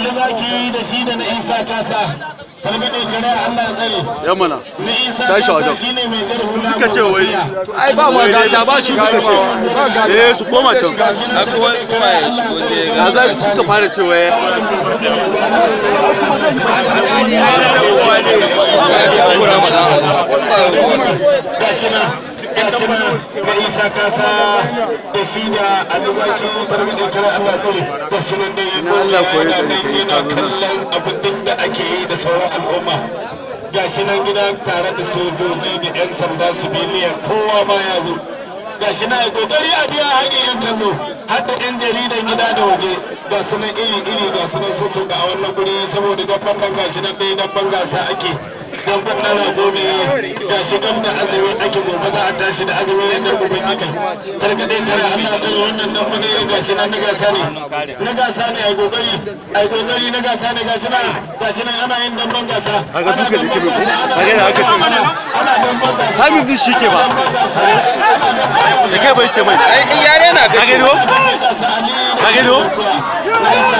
Ali zaki da shi da na Isa kasa. ya tsare. Yan shi Suka ce wai. Ai ba ma gata ba shi suka ce. Ba gata. can. kuma ya ne. su suka ce wai. Ga nan wani kasa da shi da alubaki barbi da kare Allah tsare da shi nan dai yana kallon abin da ake yi da sauran al'umma ga shi nan gida tare da sojoji da 'yan sanda su biliyan kowa ma ya zo ga shi na kokari a biya haƙin yan kallo har da yan jaridan gida da waje ga su iri iri ga su nan sun a wannan guri saboda dabban nan ga shi nan dai dabban gasa ake kafin ana gobe ga shi gamta azumi ake gobe za a tashi da azumi ne da gobe kika tarkaɗe kare Allah ta wannan dan fage ga shi na gasa ne na gasa ne ai kokari ai kokari na gasa ne ga shi na ga shi na ana yin damban gasa haka duka da kike ko haka da haka ana damban gasa hamin din shi ke ba da kai bai ke mai ai yare na ga gado ga gado